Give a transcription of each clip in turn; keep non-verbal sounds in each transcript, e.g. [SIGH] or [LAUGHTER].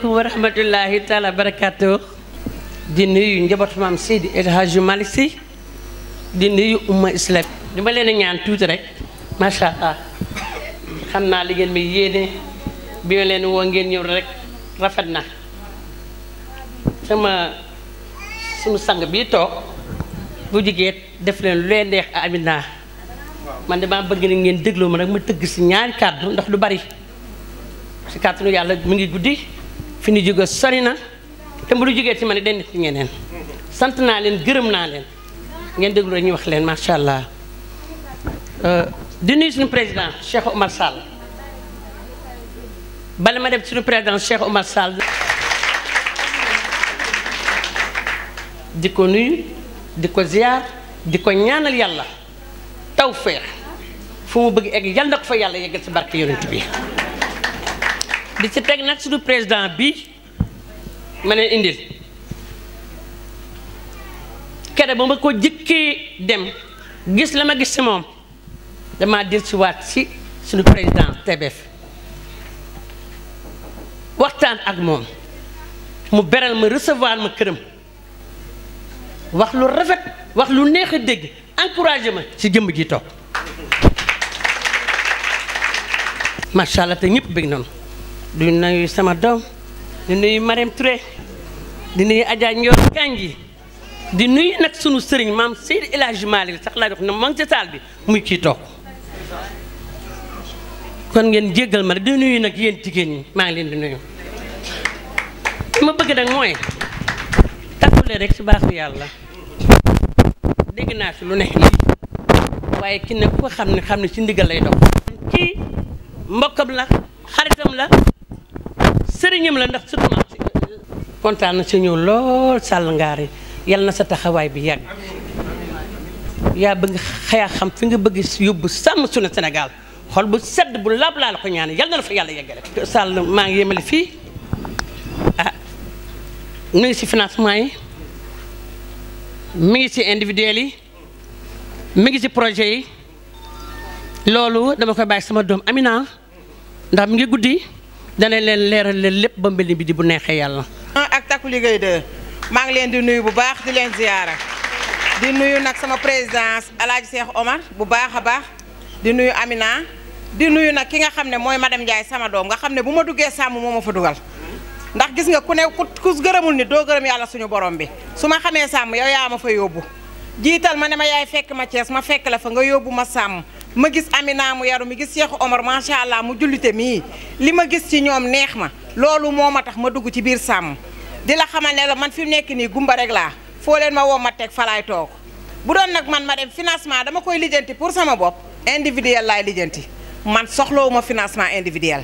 aleykum wa rahmatullahi taala barakaatu di nuyu njabootu maam Seydi El Hadji Malick Sy di nuyu islam li ma leen ñaan tuuti rek macha allah xam naa li ngeen ma yéene bi ma leen woo ngeen ñëw rek rafet na sama suñu sang bii toog bu jigéen def leen lu leen neex a Amina man damaa bëgg ni ngeen dégloo ma rek ma tëgg si ñaari kàddu ndox lu bari si kàttanu yàlla mu ngi guddi fi ñu jóge sori na te bu ñu jógee ci man it day nekk ñeneen sant naa leen gërëm naa leen ngeen déglu rek wax leen macha allah euh, di nuyu suñu président Cheikh Omar Sall bala ma dem suñu président Cheikh Omar Sall. di ko nuyu di ko ziar di ko ñaanal yàlla tawféex fu mu bëgg egg yàlla na ko fa yàlla yeggal ci barke yonent bi. di ci teg nag suñu président bi ma leen indil kere ba ma ko jëkkee dem gis la ma gis si moom damaa dil si waat si suñu président TBF waxtaan ak moom mu beral ma recevoir ma këram wax lu rafet wax lu neex a dégg encouragé ma ci jëmm ji toog macha allah te ñëpp bëgg nañu du nuyu sama doom di nuyu Marème Touré di nuyu Adja Ndiol Kanji di nuy nag sunu sëriñ maam Seydi El Hadji Malick sax laa dox na ma ngi ci saal bi muy ciy toog kon ngeen jéggal ma rek di nuyu nag yéen jigéen ñi maa ngi leen di nuyu li ma bëgg nag mooy tàppale rek si baaxu yàlla dégg naa si lu ne waaye ki ne ku ko xam ne xam ne si ndigal lay dox ci mbokkam la xaritam la sëriñam la ndax surtout si kontaan na si ñëw lool sàll ngaari yal na sa taxawaay bi yàgg yaa bëgg xayaa xam fi nga bëgg yóbbu sàmm sunu Sénégal xol bu sedd bu laab laa la ko ñaan yal na la fa yàlla yeggale sàll maa ngi yemale fii ah mi ngi si financement yi mi ngi si individuel yi mi ngi si projet yi loolu dama koy bàyyi sama doom Amina ndax mi ngi guddi dana leen leeral leen lépp ba mbënd bi di bu neexee yàlla. Ah, ak takku liggéey de maa ngi leen di nuyu bu baax di leen ziyaara di nuyu nag sama présidence alaaj Hadj Cheikh Omar bu baax a baax di nuyu Amina di nuyu nag ki nga xam ne mooy ma madame Ndiaye sama doom nga xam ne bu ma duggee sàmm moo ma fa dugal. ndax gis nga ku ne ku gërëmul ni doo gërëm yàlla suñu borom bi su ma xamee sàmm yow yaa ma fa yóbbu jiital ma ne ma yaay fekk ma Cees ma fekk la fa nga yóbbu ma sàmm. ma gis Amina mu yaru mi gis Cheikh Omar macha allah mu jullite mii li ma gis ci ñoom neex ma loolu moo ma tax ma dugg ci biir sàmm di la xamal ne la man fi mu nekk nii gumba rek laa foo leen ma woo ma teg falaay toog bu doon nag man ma dem financement dama koy lijjanti pour sama bopp individuel laay lijjanti man soxlawuma financement individuel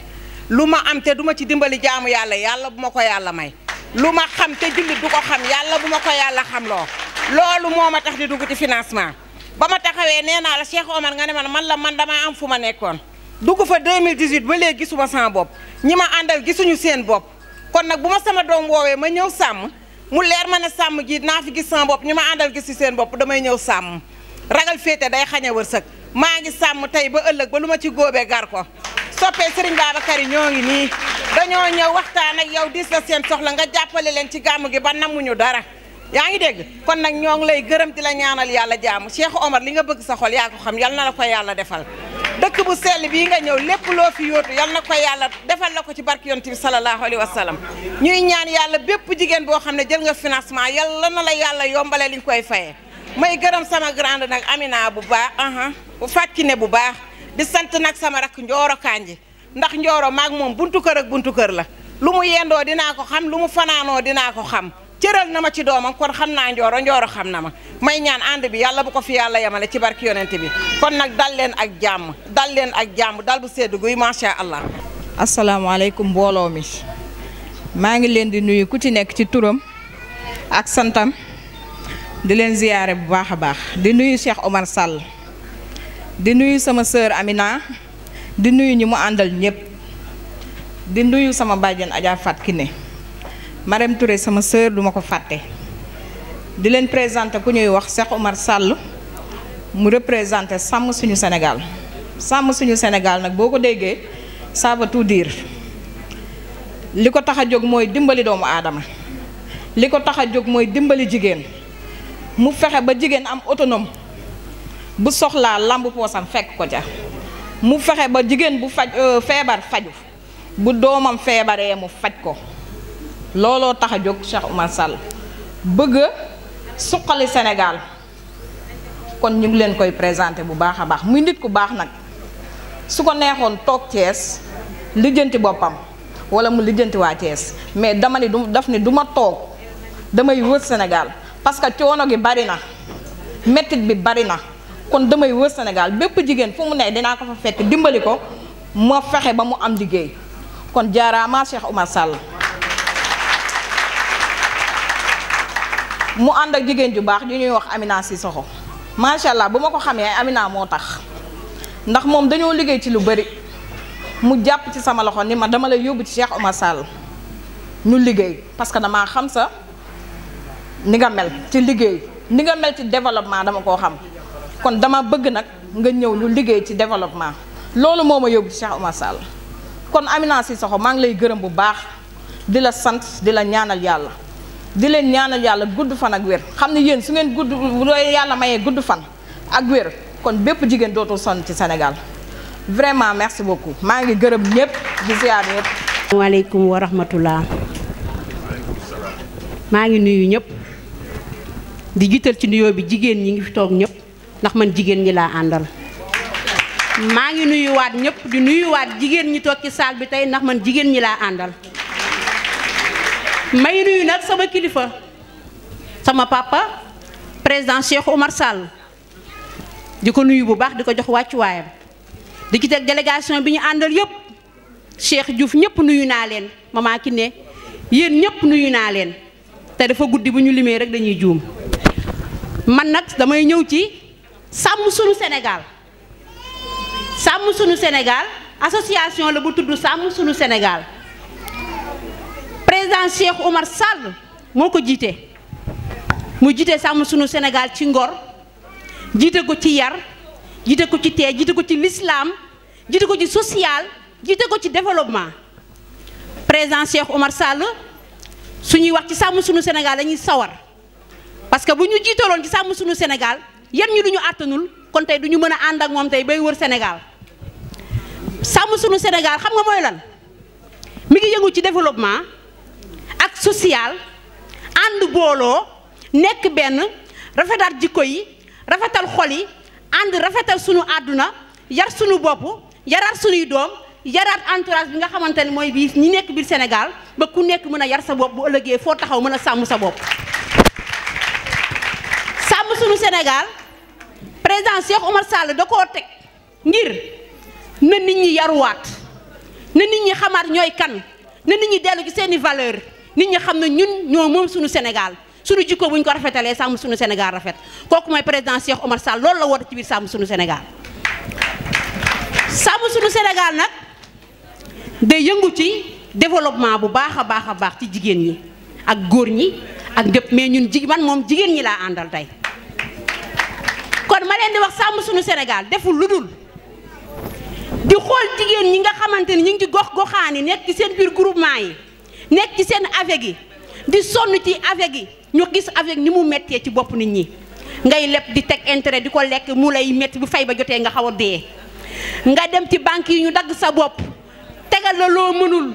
lu ma am te du ci dimbali jaamu yàlla yàlla bu ma ko yàlla may lu ma xam te jullit du ko xam yàlla bu ma ko xam loo loolu moo ma tax di dugg ci financement ba ma taxawee nee naa la Cheikh Omar nga ne man man la man damaa am fu ma nekkoon dugg fa 2018 ba léegi gisuma sama bopp ñi ma àndal gisuñu seen bopp kon nag bu ma sama doom woowee ma ñëw sàmm mu leer ma ne sàmm gi naa fi gis sama bopp ñi ma àndal gis si seen bopp damay ñëw sàmm ragal féete day xañ a wërsëg maa ngi sàmm tey ba ëllëg ba lu ma ci góobee gar ko soppee Serigne Babacar yi ñoo ngi nii dañoo ñëw waxtaan ak yow dis la seen soxla nga jàppale leen ci gàmm gi ba namuñu dara yaa ngi dégg kon nag ñoo ngi lay gërëm di la ñaanal yàlla jaamu Cheikh Omar li nga bëgg sa xol yaa ko xam yal na la ko yàlla defal dëkk bu sell bii nga ñëw lépp loo fi yóotu yal na ko yàlla defal la ko ci barke yonent bi salallaahu alayhi wa sallam ñuy ñaan yàlla bépp jigéen boo xam ne jël nga financement yàlla na la yàlla yombale li ñu koy fayee may gërëm sama grande nag Amina bu baax aha bu fàkki ne bu baax di sant nag sama rakk Njooro Kanji ndax Njooro maag moom buntu kër ak buntu kër la lu mu yendoo dinaa ko xam lu mu fanaanoo dinaa ko xam cëral na ma ci doomam kon xam naa njooro njooro xam na ma may ñaan ànd bi yàlla bu ko fi yàlla yemale ci barki yonent bi kon nag dal leen ak jàmm dal leen ak jàmm dal bu sedd guy macha allah. asalaamaaleykum mbooloo mi maa ngi leen di nuyu ku ci nekk ci turam ak santam di leen ziyaare bu baax a baax di nuyu Cheikh Omar sàll di nuyu sama sœur Amina di nuyu ñi mu àndal ñëpp di nuyu sama bàjjen Adja Fat Kiné Marème Touré sama sœur duma ko fàtte di leen présenté ku ñuy wax Cheikh Omar Sall mu représenté sàmm suñu senegal sàmm suñu Sénégal nag boo ko déggee ça veut li ko tax a jóg mooy dimbali doomu aadama li ko tax a jóg mooy dimbali jigéen mu fexe ba jigéen am autonome bu soxlaa lamb poosam fekk ko ca mu fexe ba jigéen bu faj euh, feebar faju bu doomam feebaree mu faj ko looloo tax a jóg Cheikh Oumar Sall bëgg a suqali Sénégal kon ñu ngi leen koy présenté bu baax a baax muy nit ku baax nag su ko neexoon toog Thiès lijjanti boppam wala mu lijjanti waa Thiès mais dama ni du daf ni du ma toog damay wër Sénégal parce que coono gi bari na mettit bi bari na kon damay wër senégal bépp jigéen fu mu ne dinaa ko fa fekk dimbali ko ma fexe ba mu am liggéey kon jaaraama Cheikh Oumar Sall mu ànd ak jigéen ju baax ju ñuy wax Amina soxo macha allah bu ma ko xamee Amina moo tax ndax moom dañoo liggéey ci lu bari mu jàpp ci sama loxo ni ma dama lay yóbbu ci Cheikh Omar Sall ñu liggéey parce que damaa xam sa ni nga mel ci liggéey ni nga mel ci développement dama koo xam kon dama bëgg nag nga ñëw ñu liggéey ci développement loolu moo ma yóbbu ci Cheikh Omar Sall kon Amina Cissokho maa ngi lay gërëm bu baax di la sant di la ñaanal yàlla. di leen ñaanal yàlla gudd fan ak wér xam ne yéen su ngeen gudd looy yàlla mayee gudd fan ak wér kon bépp jigéen dootul sonn ci senegal vraiment merci beaucoup maa ngi gërëm ñépp di ziar ñëpp. asalaamaaleykum wa maa ngi nuyu ñëpp. di jiital ci nuyoo bi jigéen ñi ngi fi toog ñëpp ndax man jigéen ñi laa àndal. maa ngi nuyuwaat ñëpp di nuyuwaat jigéen ñi toog ci saal bi tey ndax man jigéen ñi laa àndal. may nuyu nag sama kilifa sama papa président Cheikh Oumar Sall di ko nuyu bu baax di ko jox wàccuwaayam di ci teg délégation bi ñu àndal yëpp Cheikh Diouf ñëpp nuyu naa leen mama ki ne yéen ñëpp nuyu naa leen te dafa guddi bu ñu limee rek dañuy juum man nag damay ñëw ci sàmm suñu Sénégal sàmm sunu Sénégal association la bu tudd sàmm suñu Sénégal. président Cheikh Omar Sall moo ko jiite mu jiite sàmm sunu Sénégal ci ngor jiite ko ci yar jiite ko ci tee jiite ko ci lislaam jiite ko ci social jiite ko ci développement président Cheikh Omar Sall su ñuy wax ci sàmm sunu Sénégal dañuy sawar parce que bu ñu jiitaloon ci sàmm sunu Sénégal yan ñi lu ñu àttanul kon tey du ñu mën a ànd ak moom tey bay wër Sénégal sàmm sunu Sénégal xam nga mooy lan mi ngi yëngu ci développement. social ànd booloo nekk benn rafetal jikko yi rafetal xol yi ànd rafetal suñu àdduna yar sunu bopp yaraat sunuy doom yaraat entourage bi nga xamante ne mooy bii ñi nekk biir Sénégal ba ku nekk mën a yar sa bopp bu ëllëgee foo taxaw mën a sàmm sa bopp sàmm sunu Sénégal président Cheikh Omar Sall da koo teg ngir na nit ñi yaruwaat na nit ñi xamaat ñooy kan na nit ñi dellu ci seeni valeur nit ñi xam ne ñun ñoo moom suñu Sénégal suñu jikko buñ ko rafetalee sàmm suñu Sénégal rafet kooku mooy président Cheikh Omar Sall loolu la war ci biir sàmm suñu Sénégal sàmm suñu Sénégal nag day yëngu ci développement bu baax a baax a baax ci jigéen ñi ak góor ñi ak ñëpp mais ñun ji man moom jigéen ñi laa àndal tey kon ma leen di wax sàmm suñu Sénégal deful lu dul di xool jigéen ñi nga xamante ni ñu ngi ci gox goxaan yi nekk ci seen biir groupement yi nekk ci seen avec yi di sonn ci avec yi ñu gis avec ni mu méttee ci bopp nit ñi ngay leb di teg intérêt di ko lekk mu lay métti bu fay ba jotee nga xaw a dee nga dem ci banque yi ñu dagg sa bopp tegal la loo mënul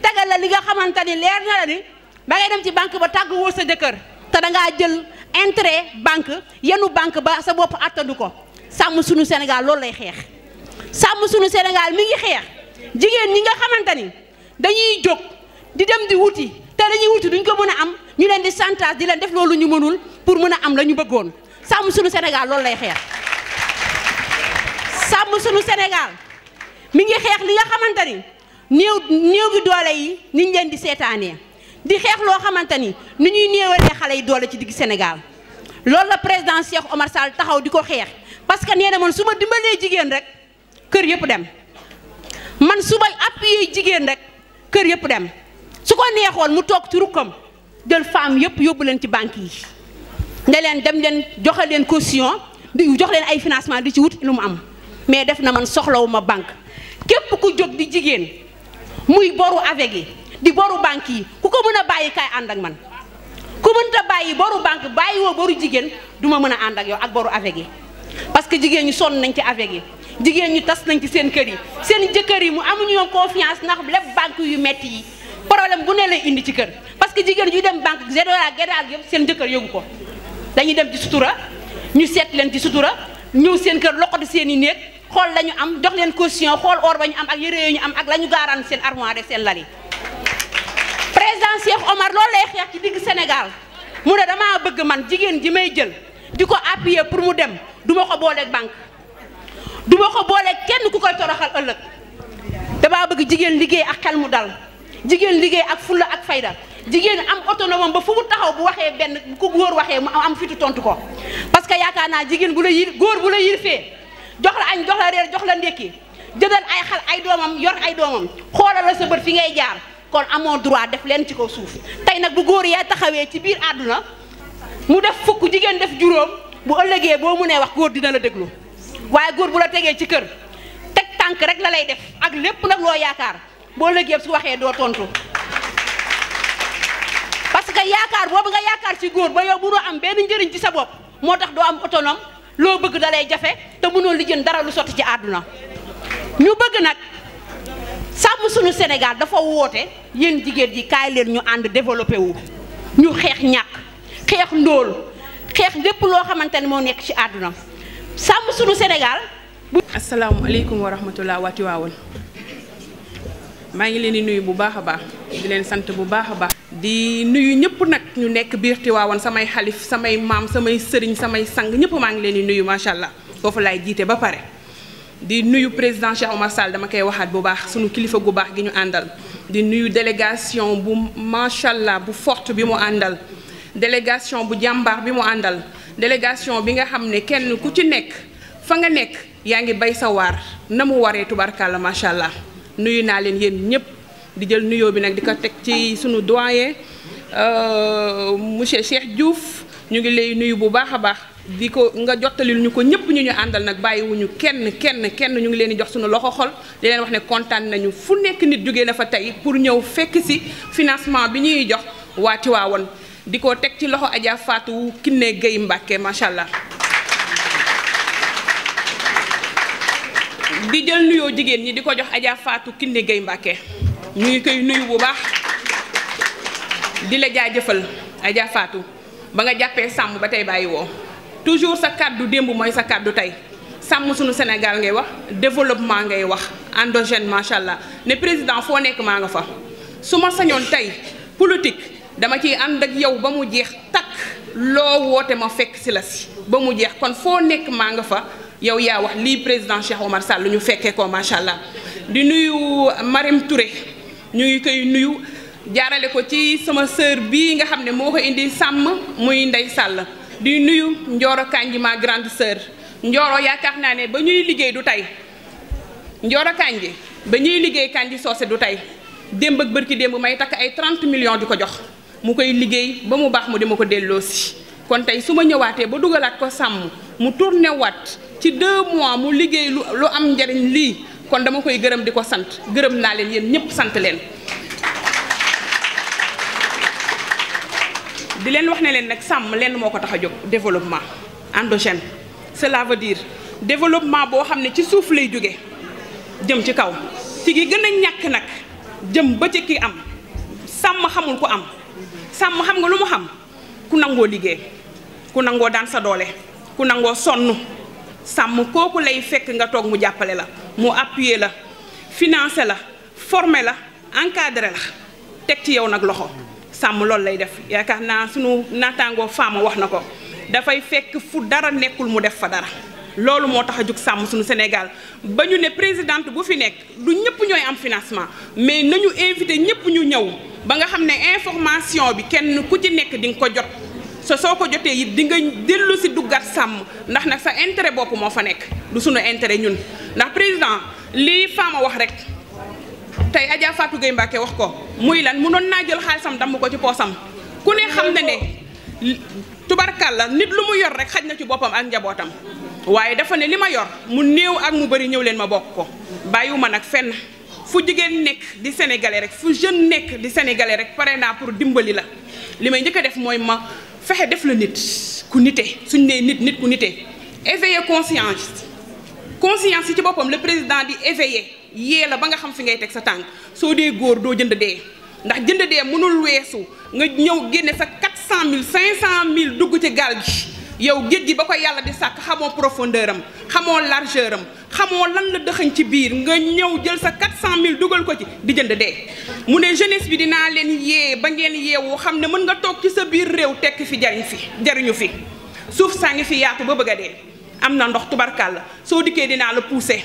tegal li nga xamante ni leer na ni ba ngay ci banque ba tàgg woo sa jëkkër te dangaa jël intérêt banque yenu banque ba sa bopp attanu ko sàmm sunu Sénégal loolu lay xeex sàmm sunu Sénégal mi ngi xeex jigéen ñi nga xamante ni dañuy jóg di dem di wuti te dañuy wuti duñ ko mën a am ñu leen di chantage di leen def loolu ñu mënul pour mën a am la ñu bëggoon sàmm suñu Sénégal loolu lay xeex sàmm suñu Sénégal mi ngi xeex li nga xamante ni néew néew gi doole yi niñ leen di seetaanee di xeex loo xamante ni ni ñuy néewalee xale yi doole ci digg Sénégal loolu la président Cheikh Omar Sall taxaw di ko xeex parce que nee na man su ma dimbalee jigéen rek kër yëpp dem man suba ma jigéen rek kër yëpp dem su ko neexoon mu toog ci rukkam jël femme yëpp yóbbu leen ci banque yi ne leen dem leen joxe leen caution di jox leen ay financement di ci wut lu mu am mais def na man soxlawuma banque képp ku jóg di jigéen muy boru avec yi di boru banque yi ku ko mën a bàyyi kaay ànd ak man ku mënta bàyyi boru banque bàyyi woo boru jigéen du ma mën a ànd ak yow ak boru avec yi parce que jigéen ñu sonn nañ ci avec yi jigéen ñu tas nañ ci seen kër yi seen jëkkër yi mu amuñu ñoom confiance ndax leb banque yu metti yi problème bu ne lay indi ci kër parce que jigéen ñuy dem banque général général yëpp seen jëkkër yóbbu ko dañuy dem ci sutura ñu seet leen ci sutura ñëw seen kër loqati seen i néeg xool la ñu am jox leen caution xool or ba ñu am ak yére yoo ñu am ak la ñu gaaraan seen armoire de seen lal yi président Cheikh Omar loolu lay xeex ci digg Sénégal mu ne damaa bëgg man jigéen ji may jël di ko appuyer pour mu dem du ma ko booleeg banque du ma ko booleeg kenn ku koy toroxal ëllëg damaa bëgg jigéen liggéey ak xel jigéen liggéey ak fulla ak fayda jigéen am autonome ba fu mu taxaw bu waxee benn ku góor waxee mu am fitu tontu ko parce que yaakaar naa jigéen bu la yir góor bu la yirfee jox la añ jox la reer jox la ndékki jëndal ay xal ay doomam yor ay doomam xoolal la sa bët fi ngay jaar kon amoo droit def leen ci kaw suuf tey nag bu góor yaa taxawee ci biir àdduna mu def fukk jigéen def juróom bu ëllëgee boo mënee wax góor dina la déglu waaye góor bu la tegee ci kër teg tànk rek la lay def ak lépp nag loo yaakaar boo lëggee su waxee doo tontu parce que yaakaar boobu nga yaakaar ci góor ba yow bu doo am benn njëriñ ci sa bopp moo tax doo am autonome loo bëgg da jafe te mënoo lijjën dara lu sotti ci àdduna ñu bëgg nag sàmm suñu Sénégal dafa woote yéen jigéen ji kaay leen ñu ànd développé wu ñu xeex ñàkk xeex ndóol xeex lépp loo xamante ne moo nekk ci àdduna sàmm suñu Sénégal. asalaamaaleykum wa rahmatulah waati waawoon maa ngi leen di nuyu bu baax a baax di leen sant bu baax a baax di nuyu ñëpp nag ñu nekk biir Tiwaawan samay xalif samay maam samay sëriñ samay sang ñëpp maa ngi leen di nuyu macha allah foofu laay jiite ba pare di nuyu président Cheikh Omar Sall dama koy waxaat bu baax suñu kilifa gu baax gi ñu àndal di nuyu délégation bu macha allah bu forte bi mu àndal délégation bu jàmbaar bi mu àndal délégation bi nga xam ne kenn ku ci nekk fa nga nekk yaa ngi bay sa waar na mu waree tubarkàlla nuyu naa leen yéen ñëpp di jël nuyoo bi nag di ko teg ci sunu doyen euh, monsieur Cheikh Diouf ñu ngi lay nuyu bu baax a baax di ko nga jottalil ñu ko ñëpp ñu àndal nag bàyyiwuñu kenn kenn kenn ñu ngi leen di jox suñu loxo xol leen wax ne kontaan nañu fu nekk nit jógee na fa tey pour ñëw fekk si financement bi ñuy jox waa Tiwaawoon di ko teg ci loxo Adja Fatou Kiné Gueye Mbacke macha allah. di jël nuyoo jigéen ñi di ko jox Adja Fatou Kiné Gueye Mbacké ñu ngi koy nuyu bu baax di la jaajëfal Adja Fatou ba nga jàppee sàmm ba tey bàyyi woo toujours sa kàddu démb mooy sa kàddu tey sàmm suñu Sénégal ngay wax développement ngay wax endogène macha allah ne président foo nekk maa nga fa su ma sañoon tey politique dama ciy ànd ak yow ba mu jeex takk loo woote ma fekk si la si ba mu jeex kon foo nekk maa nga fa yow yaa wax lii président Cheikh Omar Sall ñu fekkee ko macha allah di nuyu marim Touré ñu ngi koy nuyu jaarale ko ci sama sœur bii nga xam ne moo ko indi sàmm muy Ndey sàll di nuyu Ndioro Kandji ma grande sœur Ndioro yaakaar naa ne ba ñuy liggéey du tey njooro Kandji ba ñuy liggéey Kandji soose du tey démb ak bërki démb may takk ay 30 millions di ko jox mu koy liggéey ba mu baax mu dima ko delloosi kon tey su ma ñëwaatee ba dugalaat ko sàmm mu tourné waat ci deux mois mu liggéey lu am njariñ lii kon dama koy gërëm di ko sant gërëm naa leen yéen ñëpp sant leen. di leen wax ne leen nag sàmm lenn moo ko tax a jóg développement endogène cela veut dire développement boo xam ne ci suuf lay jóge jëm ci kaw ci gi gën a ñàkk nag jëm ba ci ki am sàmm xamul ku am sàmm xam nga lu mu xam ku nangoo liggéey ku nangoo daan sa doole. ku nangoo sonn sàmm kooku lay fekk nga toog mu jàppale la mu appuyer la financer la former la encadrer la teg ci yow nag loxo sàmm loolu lay def yaakaar naa sunu naataangoo faama wax na ko dafay fekk fu dara nekkul mu def fa dara loolu moo tax a jug sàmm sunu Sénégal ba ñu ne présidente bu fi nekk du ñëpp ñooy am financement mais nañu invité ñëpp ñu ñëw ba nga xam ne information bi kenn ku ci nekk di nga ko jot so soo ko jotee it di nga dellu si duggaat sàmm ndax nag sa intérêt bopp moo fa nekk du sunu intérêt ñun ndax président lii faama wax rek tey ajaa Fatou gay Mbacké wax ko muy lan munoon naa jël xaalisam damm ko ci poosam ku ne xam na ne tubarkàlla nit lu mu yor rek xaj na ci boppam ak njabootam waaye dafa ne li ma yor mu néew ak mu bëri ñëw leen ma bokk ko bàyyiwuma nag fenn fu jigéen nekk di sénégalais rek fu jeune nekk di sénégalais rek pare naa pour dimbali la li may njëkk def mooy ma fexe def la nit ku nite suñ nee nit nit ku nite éveiller conscience conscience yi ci boppam la président di éveiller yee la ba nga xam fi ngay teg sa tànk soo dee góor doo jënd dee ndax jënd dee mënul weesu nga ñëw génne sa quatre cent mille cinq cent mille dugg ci gaal gi yow géej gi ba ko yàlla di sàkk xamoo profondeur am xamoo largeur am xamoo lan la dëxañ ci biir nga ñëw jël sa 400000 dugal ko ci di jënd dee. mu ne jeunesse bi dinaa leen yee ba ngeen yeewu xam ne mën nga toog ci sa biir réew tekk fi jariñ fi jariñu fi suuf saa ngi fi yaatu ba bëgg a dee am na ndox tubarkàll la soo dikkee dinaa la puuse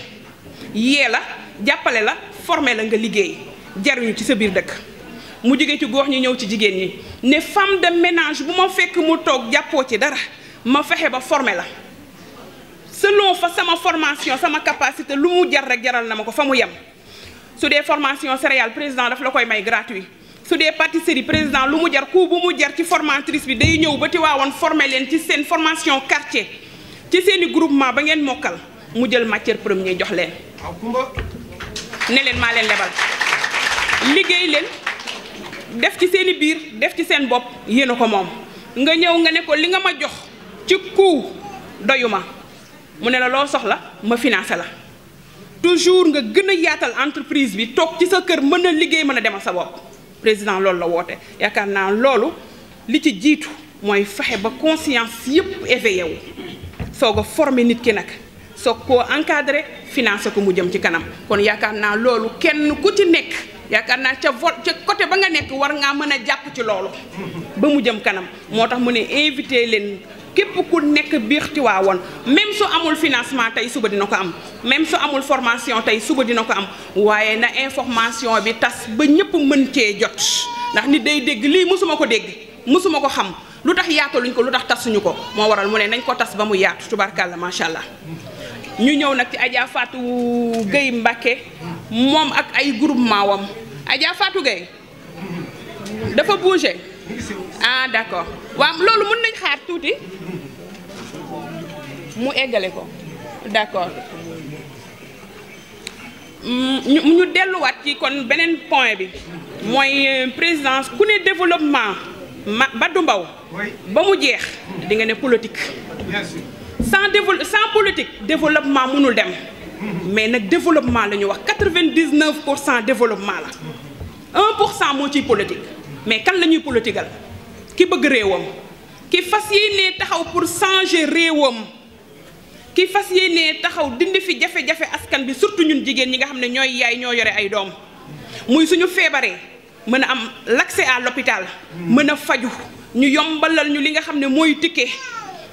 yee la jàppale la former la nga liggéey jariñu ci sa biir dëkk. mu jóge ci góor ñi ñëw ci jigéen ñi ne femme de ménage bu ma fekk mu toog jàppoo ci dara ma fexe ba formé la selon fa sama formation sama capacité lu mu jar rek jaral na ma ko fa mu yem su dee formation céréale président daf la koy may gratuit su dee pâtisserie président lu mu jar ku bu mu jar ci formatrice bi day ñëw ba Tiwaawoon formé leen ci seen formation quartier ci seeni groupement ba ngeen mokkal mu jël matière première jox leen ne leen maa leen lebal liggéey leen def ci seeni biir def ci seen bopp yéen a ko moom nga ñëw nga ne ko li nga ma jox ci coût doyuma mu ne la loo soxla ma financé la toujours nga gën a yaatal entreprise bi toog ci sa kër mën a liggéey mën a demal sa bopp président loolu la woote yaakaar naa loolu li ci jiitu mooy fexe ba conscience yëpp éveillé wu soog a former nit ki nag soog ko encadré financé ko mu jëm ci kanam kon yaakaar naa loolu kenn ku ci nekk yaakaar naa ca vol ca côté ba nga nekk war ngaa mën a jàpp ci loolu ba mu jëm kanam moo tax mu ne invité leen képp ku nekk biir Tiwaawoon même su amul financement tey suba dina ko am même su amul formation tey suba dina ko am waaye na information bi tas ba ñëpp mën cee jot ndax nit day dégg lii mësuma ko dégg mësuma ko xam lu tax yaataluñ ko lu tax tasuñu ko moo waral mu ne nañ ko tas ba mu yaatu tubarkàlla macha allah. ñu ñëw nag ci Adja Fatou Gueye Mbacké moom ak ay groupement wam Adja Fatou Gueye dafa bougé ah d'accord waa loolu mën nañ xaar tuuti mu eggale ko d'accord mm, ñu ñu delluwaat ci kon beneen point bi mooy euh, présidence ku ne développement ma Badou Mbaw ba mu jeex di nga ne politique sans dévelop sans politique développement mënul dem mm-hmm. mais nag développement la ñu wax quatre-vingt-dix-neuf pour cent développement la un pour cent moo ciy politique mais kan la ñuy politigal ki bëgg réewam ki fas yi yéenee taxaw pour changer réewam ki fas yi ne taxaw dindi fi jafe-jafe askan bi surtout ñun jigéen ñi nga xam ne ñooy yaay ñoo yore ay doom muy suñu feebaree mën a am l'accès à l'hôpital mën a faju ñu yombalal ñu li nga xam ne mooy ticket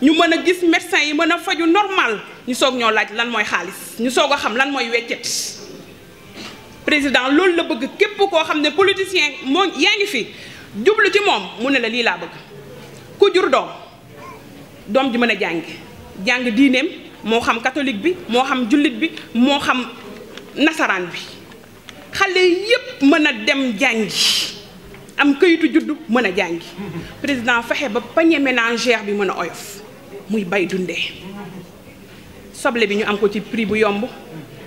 ñu mën a gis médecin yi mën a faju normal ñu soog ñoo laaj lan mooy xaalis ñu soog a xam lan mooy weccet président loolu la bëgg képp koo xam ne politicien moo yaa ngi fi jublu ci moom mu ne la lii laa bëgg ku jur doom doom ji mën a jàngi jàng diineem moo xam catholique bi moo xam jullit bi moo xam nasaraan bi xale yépp mën a dem jàngi am këyitu juddu mën a jàngi président fexe ba panier ménagère bi mën a oyof muy bay dundee soble bi ñu am ko ci prix bu yomb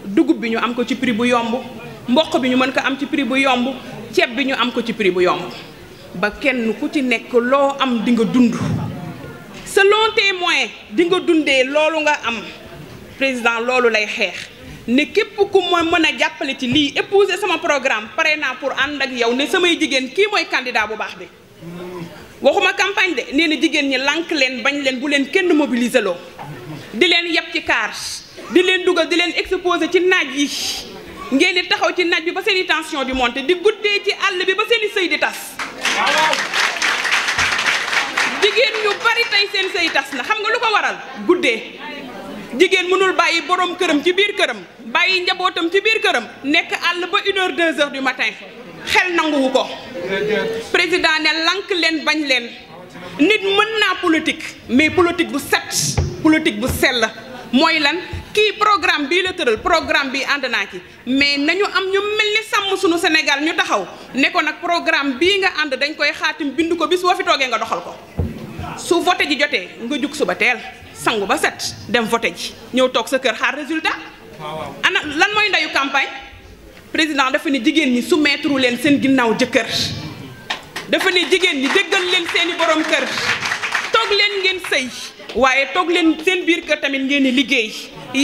dugub bi ñu am ko ci prix bu yomb mboq bi ñu mën ko am ci prix bu yomb ceeb bi ñu am ko ci prix bu yomb ba kenn ku ci nekk loo am di nga dund selon tes moyens di nga dundee loolu nga am président loolu lay xeex ne képp ku ma mën a jàppale ci lii épouser sama programme pare naa pour ànd ak yow ne samay jigéen kii mooy candidat bu baax bi waxuma campagne de nee na jigéen ñi lànk leen bañ leen bu leen kenn mobiliser loo di leen yeb ci kaar di leen dugal di leen exposer ci naaj yi ngeen di taxaw ci naaj bi ba seen i tension di monter di guddee ci àll bi ba seen di tas jigéen ñu bari tey seen sëy na xam nga lu ko waral guddee jigéen mënul bàyyi boroom këram ci biir këram bàyyi njabootam ci biir këram nekk àll ba une heure deux heures du matin xel nanguwu ko président ne lank leen bañ leen nit mën naa politique mais politique bu set politique bu sell mooy lan kii programme bii la tëral programme bi ànd naa ci mais nañu am ñu mel ni sàmm suñu Sénégal ñu taxaw ne ko nag programme bii nga ànd dañ koy xaatim bind ko bi soo fi toogee nga doxal ko su vote ji jotee nga jug suba teel sangu ba set dem vote ji ñëw toog sa kër xaar résultat ana lan mooy ndeyu campagne président dafa ne jigéen ñi soumettre leen seen ginnaaw jëkkër dafa ne jigéen ñi déggal leen seeni boroom kër toog leen ngeen sëy waaye toog leen seen biir kër tamit ngeen di liggéey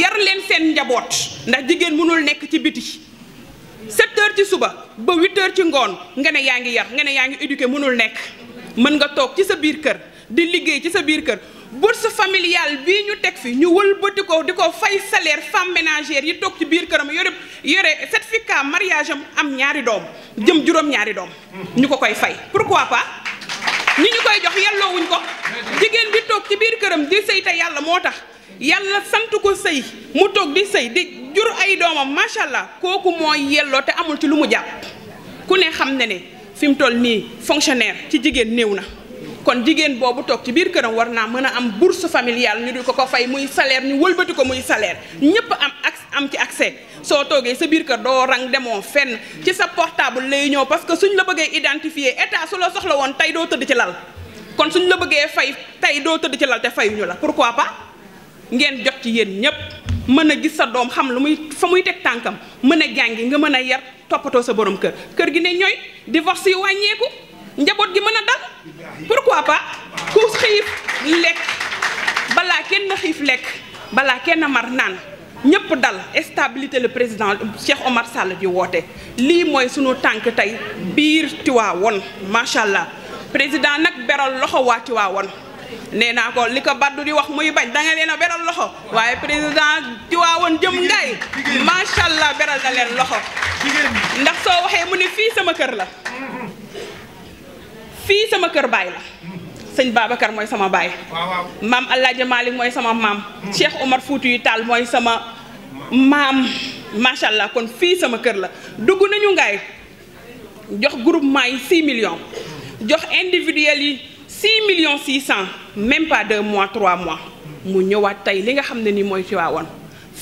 yar leen seen njaboot ndax jigéen mënul nekk ci biti 7 ci suba ba 8 ci ngoon nga ne yaa ngi yar nga ne yaa ngi éduqué mënul nekk mën nga toog ci sa biir kër di liggéey ci sa biir kër sa familiale bii ñu teg fi ñu di ko di ko fay saleer femme ménagère yi toog ci biir këram yore yore certificat mariage am am ñaari doom jëm juróom ñaari doom ñu ko koy fay ni ñu koy jox yelloowuñ ko jigéen bi toog ci biir këram di sëy te yàlla moo tax yàlla sant ko sëy mu toog di sëy di jur ay doomam macha allah kooku mooy yelloo te amul ci lu mu jàpp ku ne xam ne ne fi mu toll nii fonctionnaire ci jigéen néew na. kon jigéen boobu toog ci biir këram war naa mën a am bourse familiale ñu di ko ko fay muy salaire ñu wëlbati ko muy salaire ñëpp am ak am ci accès soo toogee sa biir kër doo rang demoo fenn ci sa portable lay ñëw parce que suñ la bëggee identifier état su la soxla woon tey doo tëdd ci lal kon suñ la bëggee fay tey doo tëdd ci lal te fayuñu la pourquoi pas ngeen jox ci yéen ñëpp mën a gis sa doom xam lu muy fa muy teg tànkam mën a jàngi nga mën a yar toppatoo sa borom kër kër gi ne ñooy divorce yi wàññeeku. njaboot gi mën a dal pourquoi pas ku xiif lekk balaa kenn xiif lekk balaa kenn mar naan ñëpp dal stabilité le président Cheikh Omar Sall di woote lii mooy sunu tànk tey biir Tiwaawoon macha allah président nag beral loxo waa Tiwaawoon nee naa ko li ko baddu di wax muy bañ da nga leen beral loxo waaye président Tiwaawoon jëm ngaay macha allah beral na leen loxo ndax soo waxee mu ne fii sama kër la. fii sama kër baay la sëñ Babacar mooy sama baay maam Alaaji Malick mooy sama maam Cheikh Omar Foutiyou Tall mooy sama maam macha allah kon fii sama kër la dugg nañu ngaay jox groupement yi 6 million jox individuel yi 6 millions 600 même pas 2 mois 3 mois mu ñëwaat tey li nga xam ne nii mooy ci waawoon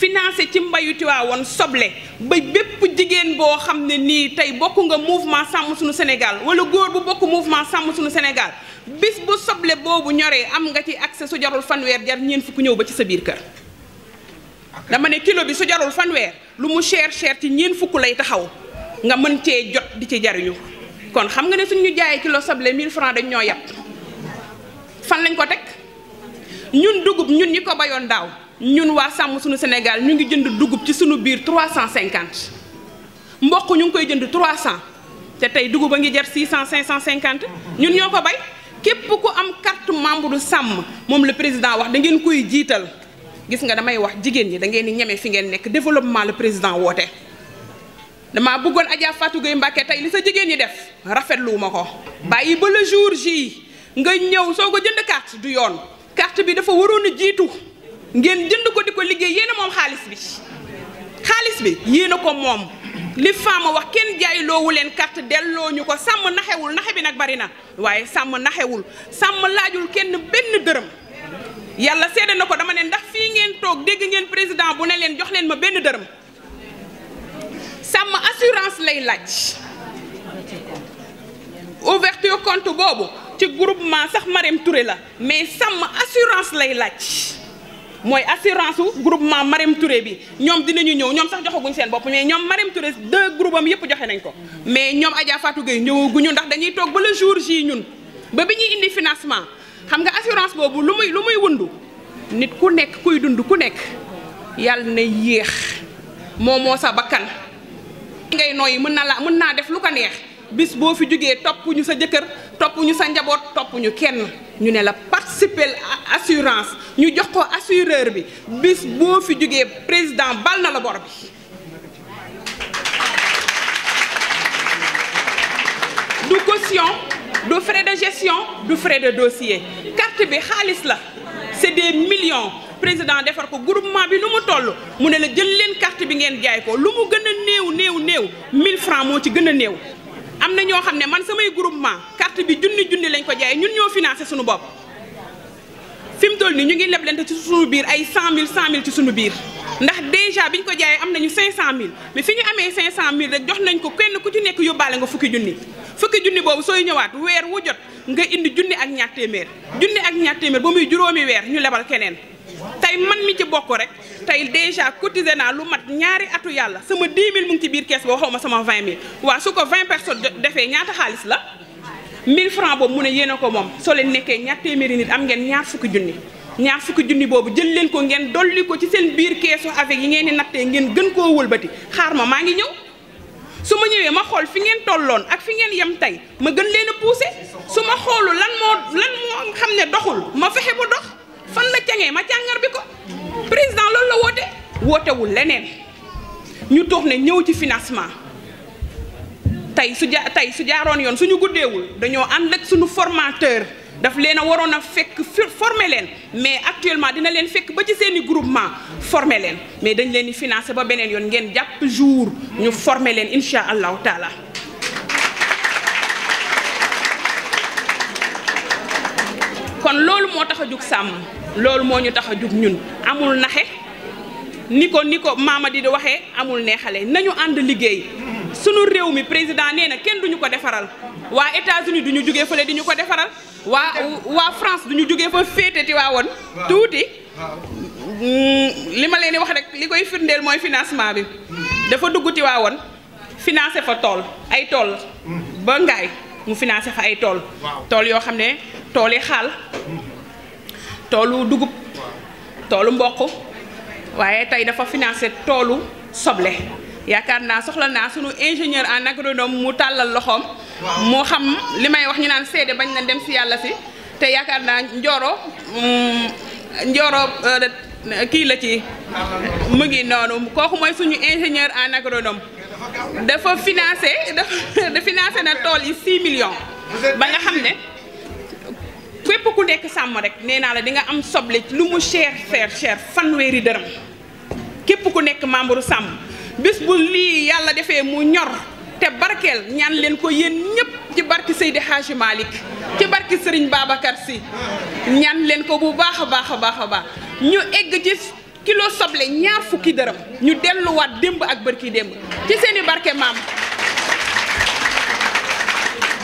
financé ci mbayu Tiwaawoon soble ba bépp jigéen boo xam ne nii tey bokk nga mouvement sàmm suñu Sénégal wala góor bu bokk mouvement sàmm suñu Sénégal bés bu soble boobu ñoree am nga ci accès su jarul fanweer jar ñeen fukk ñëw ba ci sa biir kër dama ne kilo bi su jarul fanweer lu mu cher cher ci ñeen fukk lay taxaw nga mën cee jot di ci jariñu kon xam nga ne suñ jaayee kilo soble 1000 francs dañ ñoo yàpp fan lañ ko teg ñun dugub ñun ñi ko bayoon daaw ñun waa sàmm suñu Sénégal ñu ngi jënd dugub ci suñu biir trois cent cinquante mboq ñu ngi koy jënd trois cent te tey dugub a ngi jar six cent cinq cent cinquante ñun ñoo ko bay képp ku am carte membre du sàmm moom le président wax da ngeen koy jiital gis nga damay wax jigéen ñi da ngeen di ñeme fi ngeen nekk développement le président woote. damaa bëggoon Adja Fatou Gueye Mbacke tey li sa jigéen ñi def rafetlu ma ko bàyyi ba la jour ji nga ñëw soo ko jënd carte du yoon carte bi dafa waroon a jiitu. ngeen jënd ko di ko liggéey yéen moom xaalis bi xaalis bi yéen a ko moom li faama wax kenn jaay loowu leen carte delloo ñu ko sàmm naxewul naxe bi nag bari na waaye sàmm naxewul sàmm laajul kenn benn dërëm yàlla seede na ko dama leen ndax fii ngeen toog dégg ngeen président bu ne leen jox leen ma benn dërëm sàmm assurance lay laaj ouverture compte boobu ci groupement sax Marème Touré la mais sàmm assurance lay laaj mooy assurance su groupement Marème Touré bi ñoom dinañu ñëw ñoom sax joxaguñ seen bopp mais ñoom Marème Touré deux groupes am yëpp joxe nañ ko. mais ñoom Adja Fatou Gueye ñëwaguñu ndax dañuy toog ba le jour J ñun ba bi ñuy indi financement xam nga assurance boobu lu muy wundu nit ku nekk kuy dund ku nekk yàlla na yéex moom moo sa bakkan. ngay nooyi mën na la mën naa def lu ko neex bis boo fi jógee topp ñu sa jëkkër topp ñu sa njaboot topp ñu kenn ñu ne la. sipel assurance ñu jox ko assureur bi bis boo fi jógee président bal na la bor bi du caution du frais de gestion du frais de dossier carte bi xaalis la c'est des million président defar ko groupement bi nu mu toll mu ne la jël leen carte bi ngeen jaay ko lu mu gën a néew néew néew 1000 francs moo ci gën a néew am na ñoo xam ne man samay groupement carte bi junni junni lañ ko jaay ñun ñoo financé suñu bopp fi mu toll nii ñu ngi leblante ci suñu biir ay 100000 100000 ci suñu biir ndax dèjà ñu ko jaayee am nañu 500000 mais fi ñu amee 500000 rek jox nañ ko kenn ku ci nekk yóbbaale nga fukki junni fukki junni boobu sooy ñëwaat weer wu jot nga indi junni ak ñaar téeméer junni ak ñaar ba muy juróomi weer ñu lebal keneen. tey man mi ci bokk rek tey déjà cotisé naa lu mat ñaari atu yàlla sama 10 000 mu ngi ci biir kees boo xaw ma sama 20 000 waa su ko 20 personnes defee ñaata xaalis la. 1000 francs boobu mu ne yéen ko moom soo leen nekkee ñaar téeméeri nit am ngeen ñaar fukki junni ñaar fukki junni boobu jël leen ko ngeen dolli ko ci seen biir keesu avec yi ngeen di nattee ngeen gën koo wëlbati xaar ma maa ngi ñëw su ma ñëwee ma xool fi ngeen tolloon ak fi ngeen yem tey ma gën leen a poussé su ma xoolu lan moo lan moo xam ne doxul ma fexe bu dox fan la cangee ma càngar bi ko président loolu la woote wootewul leneen ñu toog ne ñëw ci financement tey su ja tey su jaaroon yoon suñu guddeewul dañoo ànd ak suñu formateur daf leen a waroon a fekk former leen mais actuellement dina leen fekk ba ci seen i groupement former leen mais dañ leen di financer ba beneen yoon ngeen jàpp jour ñu former leen incha allahu taala. kon loolu moo tax a jug sàmm loolu moo ñu tax a jóg ñun amul naxe ni ko ni ko maama di waxee amul neexale nañu ànd liggéey. sunu réew mi président nee na kenn duñu ko defaral waa États-Unis duñu jógee fa di ñu ko defaral waa waa France duñu jógee fa féete Tiwaawoon tuuti mm, li ma leen di wax rek li koy firndeel mooy financement bi dafa dugg Tiwaawoon financé fa tool ay tool mm. ba ngaay mu financé fa ay tool tool yoo xam ne tool yi xaal mm. toolu dugub toolu mboq waaye tey dafa financé toolu soble yaakaar naa soxla naa suñu ingénieur en agronome mu tàllal loxoom. moo xam li may wax ñu naan seede bañ na dem si yàlla si te yaakaar naa njooro mm, njooro euh, kii la ci mu ngi noonu kooku mooy suñu ingénieur en agronome dafa financé dafa [LAUGHS] financé na tool yi 6 million ba nga xam ne képp ku nekk sàmm rek nee naa la di nga am soble lu mu cher cher cher weeri dërëm képp ku nekk membre sàmm bis bu lii yàlla defee mu ñor te barkeel ñaan leen ko yéen ñëpp ci barki Seydi Hadji Malick ci barki Serigne Babacar si ñaan leen ko bu baax a baax a baax a baax ñu egg ci kilo soble ñaar fukki dërëm ñu delluwaat démb ak bërki démb ci seeni barke maam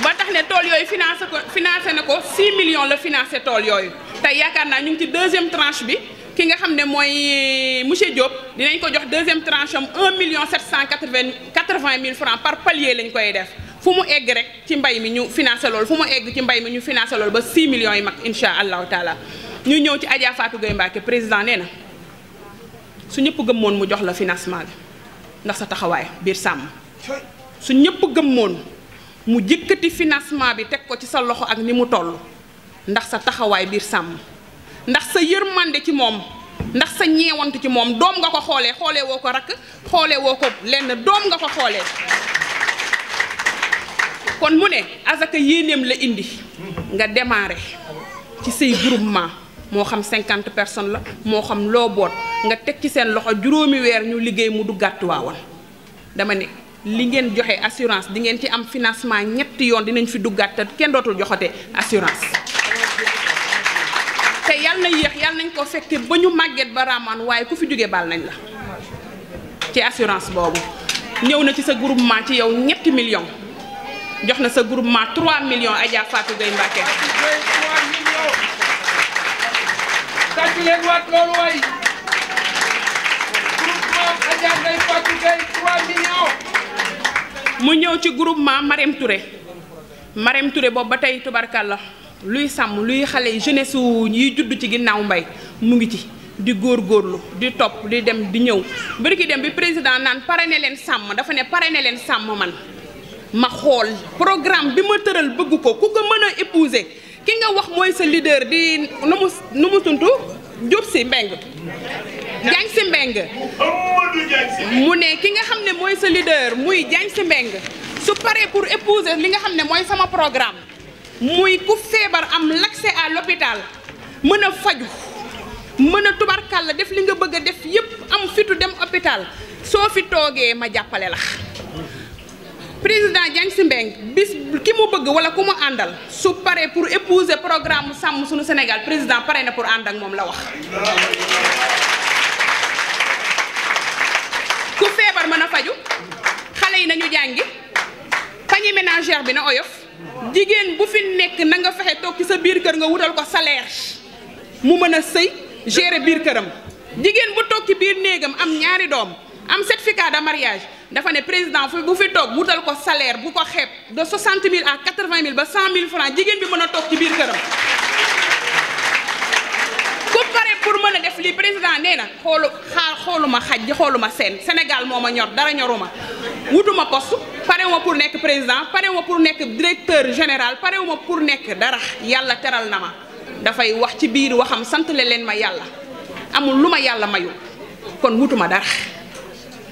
ba tax ne tool yooyu financé ko financé na ko 6 millions la financé tool yooyu te yaakaar naa ñu ngi ci deuxième tranche bi ki nga xam ne mooy euh, monsieur Diop dinañ ko jox deuxième tranche am un million sept cent quatre-vingt mille francs par palier lañ koy def fu mu egg rek ci mbay mi ñu financé loolu fu mu egg ci mbay mi ñu financé loolu ba 6 millions yi mag incha allahu taala ñu ñëw ci Adja Fatou Gueye Mbacke président nee na su ñëpp gëmmoon mu jox la financement bi ndax sa taxawaay biir sàmm su ñëpp gëmmoon mu jëkkati financement bi teg ko ci sa loxo ak ni mu toll ndax sa taxawaay biir sàmm ndax sa yërmande ci moom ndax sa ñeewant ci moom doom nga ko xoolee xoolee woo ko rakk xoolee woo ko lenn doom nga ko xoolee kon mu ne azaka yéeneem la indi nga démarré ci say groupement moo xam cinquante personnes la moo xam loo boot nga teg ci seen loxo juróomi weer ñu liggéey mu du gàttuwaawoon dama ne li ngeen joxe assurance di ngeen ci am financement ñetti yoon dinañ fi duggaat te kenn dootul joxate assurance te yal na yéex yal nañ ko fekkee ba ñu màgget ba raamaan waaye ku fi jóge baal nañ la ci assurance boobu ñëw na ci sa groupement ci yow ñetti million jox na sa groupement 3 millions Adja Fatou Gueye Mbacké mu ñëw ci groupement Marème Touré Marème Touré boobu ba tey la luy sàmm luy xale yi jeunesse su yiy judd ci ginnaaw mbay mu ngi ci di góor góorlu di topp di dem di ñëw bëriki dem bi président naan parrainé leen sàmm dafa ne pare parrainé leen sàmm man ma xool programme bi ma tëral bëgg ko ku ko mën a épouser ki nga wax mooy sa leader di nu mu nu mu tuntu Diop si Mbeng Diagne si Mbeng mu ne ki nga xam ne mooy sa leader muy Diagne si Mbeng su paree pour épouser li nga xam ne mooy sama programme muy ku feebar am l'accès à l'hôpital mën a faju mën a la def li nga bëgg a def yépp am fitu dem hôpital soo fi toogee ma jàppale la président Diagne Sy Mbengue bis ki mu bëgg wala ku mu àndal su paree pour épouser programme sàmm suñu Sénégal président pare na pour ànd ak moom la wax ku feebar mën a faju xale yi nañu jàngi pañi ménagère bi na oyof jigéen bu fi nekk na nga fexe toog ci sa biir kër nga wutal ko salaire mu mën a sëy gérer biir këram jigéen bu toog ci biir néegam am ñaari doom am certificat de mariage dafa ne président fu bu fi toog wutal ko salaire bu ko xeeb de 60 000 à 80 000 ba 100 000 francs jigéen bi mën a toog ci biir këram pour mën a def lii président nee na xoolu xaar xooluma xaj xooluma seen Sénégal moo ma ñor dara ñoruma wutuma poste parewuma pour nekk président parewuma pour nekk directeur général parewuma pour nekk dara yàlla teral na ma dafay wax ci biir waxam sant leen ma yàlla amul lu ma yàlla mayul kon wutuma dara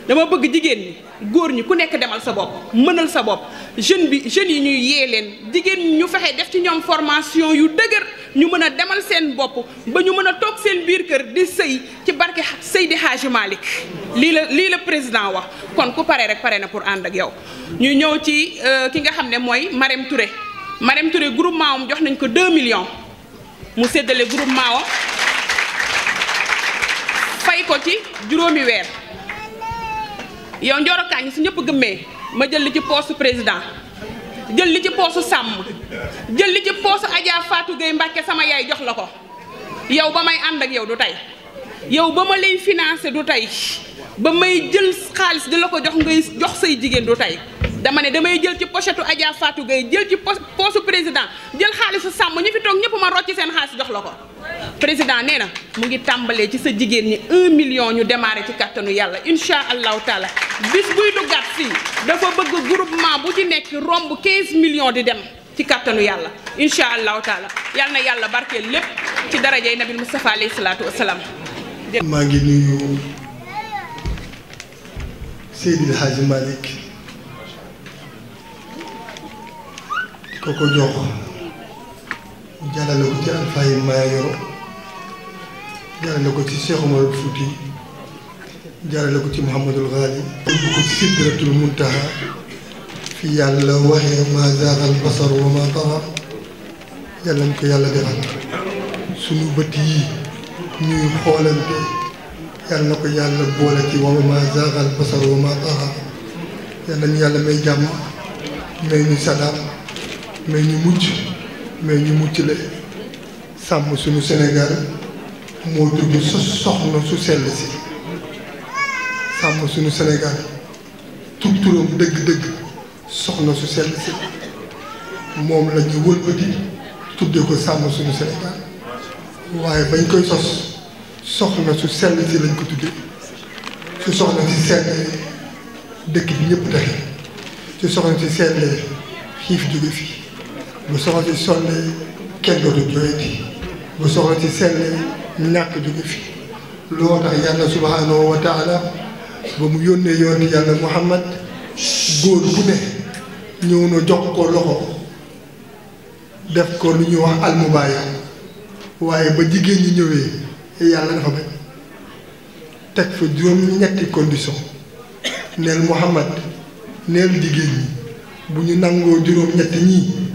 dama bëgg jigéen ñi góor ñi ku nekk demal sa bopp mënal sa bopp jeune bi jeunes yi ñuy yee leen jigéen ñu fexe def ci ñoom formation yu dëgër ñu mën a demal seen bopp ba ñu mën a toog seen biir kër di sëy ci barke Seydi Hadji Malick lii la lii la président wax kon ku pare rek pare na pour ànd ak yow ñu ñëw ci euh, ki nga xam ne mooy Marème Touré Marème Touré groupement am jox nañ ko 2 millions mu séddale groupement am fay ko ci juróomi weer yow Ndioro Kandji su ñëpp gëmmee ma jël li ci poosu président jël li ci poosu sàmm jël li ci poosu Adja Fatou Gueye Mbacke sama yaay jox la ko yow ba may ànd ak yow du tey yow ba ma lay financé du tey ba may jël xaalis di la ko jox ngay jox say jigéen du tey dama ne damay jël ci pochetu Adja Fatou Gueye jël ci poosu président jël xaalisu sàmm ñu fi toog ñëpp ma rocci seen xaalis jox la ko président nee na mu ngi tàmbalee ci sa jigéen ñi million ñu démarré ci kàttanu yàlla incha allahu taala bis buy duggaat fii dafa bëgg groupement bu ci nekk romb million di dem ci kàttanu yàlla incha allahu taala yàlla yàlla barkeel lépp ci darajay nabil Moustapha alayhi salaatu wasalaam. maa ngi nuyu Seydil Hadji Malick di ko ko jox. jàllale ko ci Alfayda Mayoro jàllale ko ci Cheikh Oumar Fouti jàllale ko ci Mouhamadul Ghali yóbbu ko ci Sidratul Muntaha fi yàlla waxee ma zaagal wa ma tara yàlla ko yàlla yi ñuy xoolante na ñu yàlla may jàmm may ñu salaam may ñu mucc mais ñu mucc la sàmm suñu Sénégal moo tudd sa soxna su sell si suñu Sénégal tur su sell si moom la ko sàmm suñu Sénégal bañ koy sos su sell lañ ko tudde su soxna si sellee dëkk bi ñëpp taxe su soxna si sellee xiif jóge fii musoxla si sonn kenn dootu jooyati musoxla si sell ñàkk jóge fi loo tax yàlla subhaanahu wa ba mu yónnee yoon yàlla muhammad góor bu ne ñëw na jox ko loxo def ko lu ñuy wax almubaaya waaye ba jigéen ñi ñëwee yàlla dafa bañ teg fa juróom-ñetti condition neel muhammad neel jigéen ñi bu ñu nangoo juróom-ñetti ñii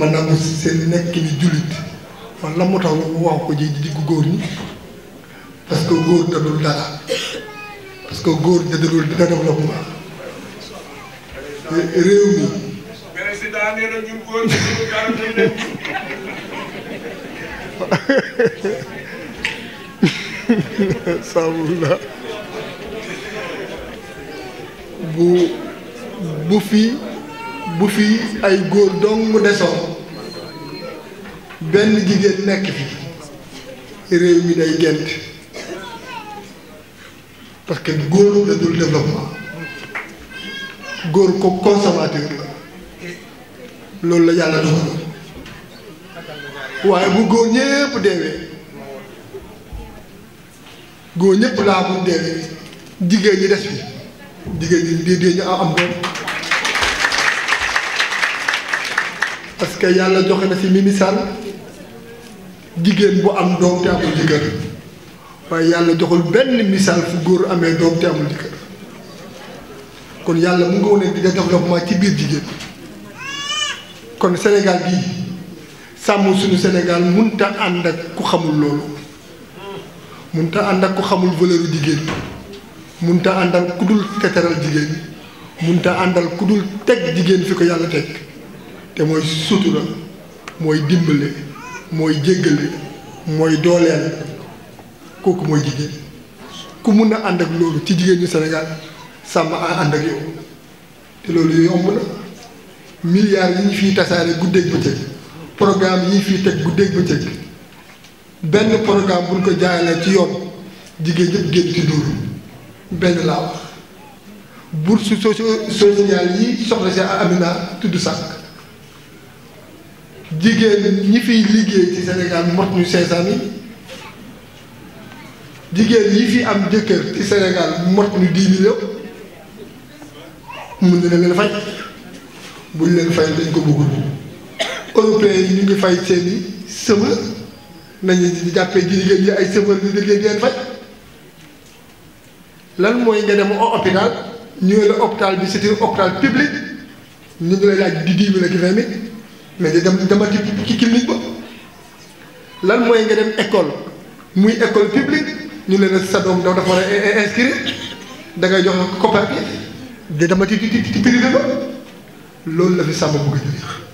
ma nangu seen nekk ni jullit man la tax ma ji diggu góor ñi parce que góor dadul dara parce que góor dadul dara développement réew mi président na bu bu fii bu fi ay góor dong desoon benn jigéen nekk fi réew mi day gent parce que góor la dul développement góor ko consommateur la loolu la yàlla dogal waaye bu góor ñëpp deewee góor ñëpp laa bu deewee jigéen ñi des fi jigéen ñi dee dee ñu am doom parce que yàlla joxe na si mi misaal jigéen bu am doom te amul jëkkër waaye yàlla joxul benn misaal fu góor amee doom te amul jëkkër kon yàlla mu ngi wane di développement ci biir jigéen kon Sénégal gi sàmm suñu mun ta ànd ak ku xamul loolu munta ànd ak ku xamul valeur jigéen munta àndal ku dul teteral jigéen munta àndal ku dul teg jigéen fi ko yàlla teg te mooy sutura mooy dimbale mooy jéggale mooy dooleel kooku mooy jigéen ku mun a ànd ak loolu ci jigéen ñu Sénégal sàmm a ànd ak yow te loolu yomb na milliards yi ñu fiy tasaare guddeeg bëccëg programme yi ñu teg guddeeg bëccëg benn programme buñ ko jaayalee ci yoon jigéen ñëpp génn ci dóoru benn laa wax bourse socio sociale yi soxla si Amina tudd sànq jigéen ñi fiy liggéey ci Sénégal mot ñu cinq cent jigéen yi fi am jëkkër ci Sénégal mot ñu dix millions mun na leen fay buñ leen fay dañ ko bëggul européens yi ñu ngi fay seeni sëmër nañu di jàppee jigéen ñi ay sëmër di liggéey ngeen fay lan mooy nga dem au hôpital ñu la hôpital bi c'est un hôpital public ñu ngi lay laaj di dix mille ak vingt mille mais da dem dama ci clinique ba lan mooy nga dem école muy école publique ñu ne la sa doom dafa war a inscrire da ngay jox copain bi da dama ci ci privé ba loolu la fi sàmm bëgg a jëlee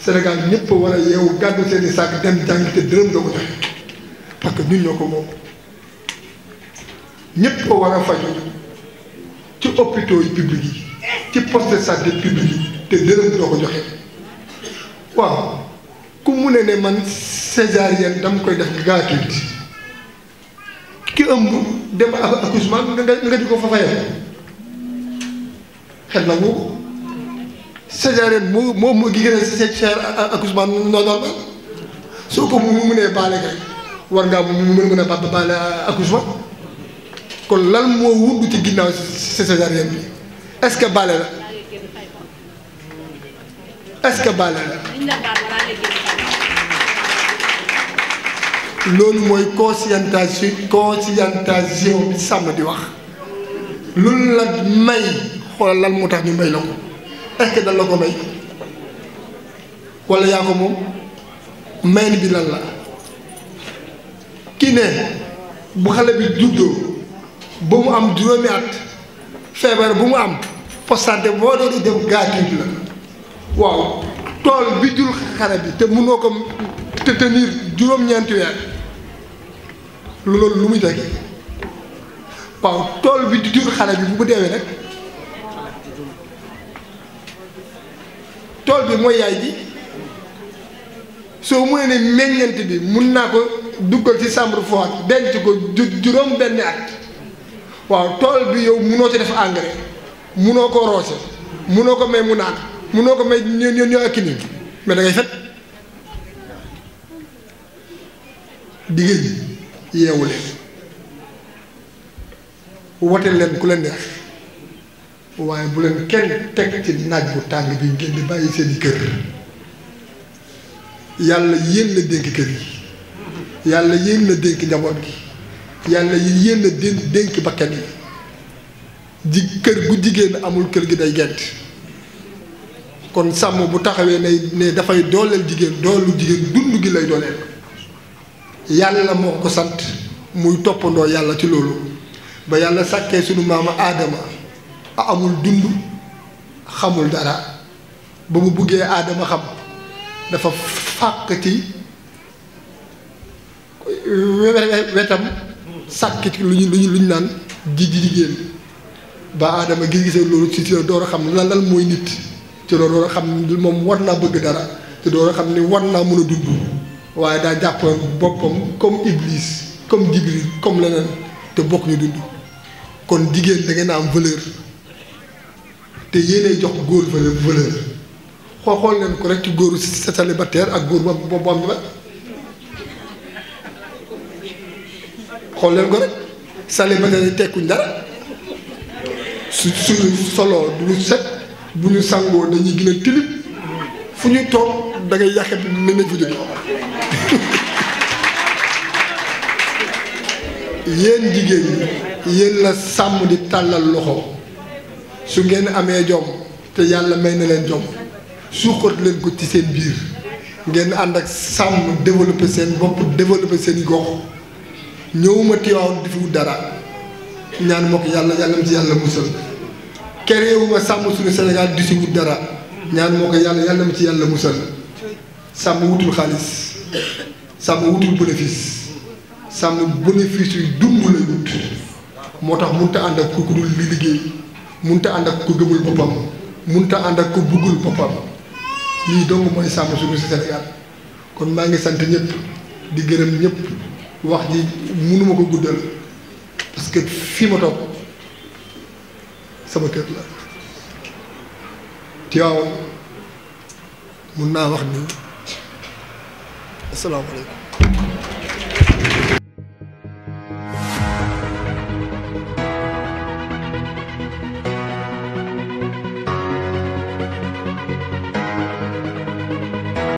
Sénégal ñëpp war a yeewu gàddu seen i saak dem jàng te dërëm doo ko joxe parce que ñun ñoo ko moom ñëpp ko war a fajoo ci hôpitaux yi publics yi ci poste de santé yi te dërëm doo ko joxe. waaw ku mu ne ne man césarienne dama koy def gratuite ki ëmb dem ab accouchement nga nga di ko fa fayal xel na mu césarienne moo moo moo gi gën a cher accouchement normal soo ko mu mënee baale kay war ngaa mu mën mën a ba baale accouchement kon lan moo wundu ci ginnaaw césarienne bi est-ce que baale la est-ce que baale la loolu mooy conscientisation conscientisation sàmm di wax loolu la may xoolal lan moo tax ñu may la ko est-ce que dañ la ko may walla yaa ko moom mayn bi lan la kii ne bu xale bi juddoo ba mu am juróomi at feebar bu mu am poste santé moo dee di dem gratuit la waaw tool bi jur xare bi te mënoo ko te tenir juróom-ñeenti weer loolu lu muy tekki waaw tool bi di jur xare bi bu mu deewee rek tool bi mooy yaay ji soo mënee ne meññant bi mun naa ko duggal ci chambre froide denc ko juróom benn at waaw tool bi yow munoo ci def engrais munoo ko roose munoo ko may mu naan munoo ko may ñoo ñoo ñoo akki nii mais da ngay fet jigéen ñi yeewu leen wote leen ku leen neex waaye bu leen kenn teg ci naaj bu tàng bi ngeen di bàyyi seen i kër yàlla yéen la dénk kër yi yàlla yéen la dénk njaboot gi yàlla yéen la dénk dénk bakkan yi ji kër gu jigéen amul kër gi day gent kon sàmm bu taxawee ne ne dafay dooleel jigéen doolu jigéen dund gi lay dooleel yàlla moo ko sant muy toppandoo yàlla ci loolu ba yàlla sàkkee sunu maamu aadama amul dund xamul dara ba mu buggee aadama xam dafa fàkk ci wetam sàkk ci lu ñu lu ñu naan ji ji jigéen ba aadama gis-gisee loolu ci ci la door a xam la lan mooy nit ci la door a xam moom war naa bëgg dara ci door xam ni war naa mën a dund waaye daa jàpp boppam comme iblis comme jibril comme leneen te bokk ñu dund kon jigéen da ngeen am valeur te yéenay jox góor valeur valeur xoo xool leen ko rek ci góoru célibataire ak góor bu am xool leen ko rek célibataire yi tekkuñ dara su suñu soloo du ñu set bu ñu sangoo dañuy gën tilip fu ñu toog da ngay yàqati ne nañ fa yéen jigéen ñi yéen la sàmm di tàllal loxo su ngeen amee jom te yàlla may na leen jom suuxat leen ko ci seen biir ngeen ànd ak sàmm développer seen bopp développer seen gox ñëwuma Tiwaawan di fi dara ñaan moo ko yàlla yàlla na ci yàlla musal keréewuma sàmm suñu Sénégal di si wut dara ñaan moo ko yàlla yàlla na ci yàlla musal sàmm wutul xaalis sàmm wutul bénéfice sàmm bénéfice yu dund lay wut moo tax munta ànd ak ku dul li liggéey munta ànd ak ku gëmul boppam munta ànd ak ku buggul boppam lii dong mooy sàmm suñu Sénégal kon maa ngi sant ñëpp di gërëm ñëpp wax ji mënuma ko guddal parce que fii ma toog sama kër la Tiwaawan mun naa wax ni asalaamaaleykum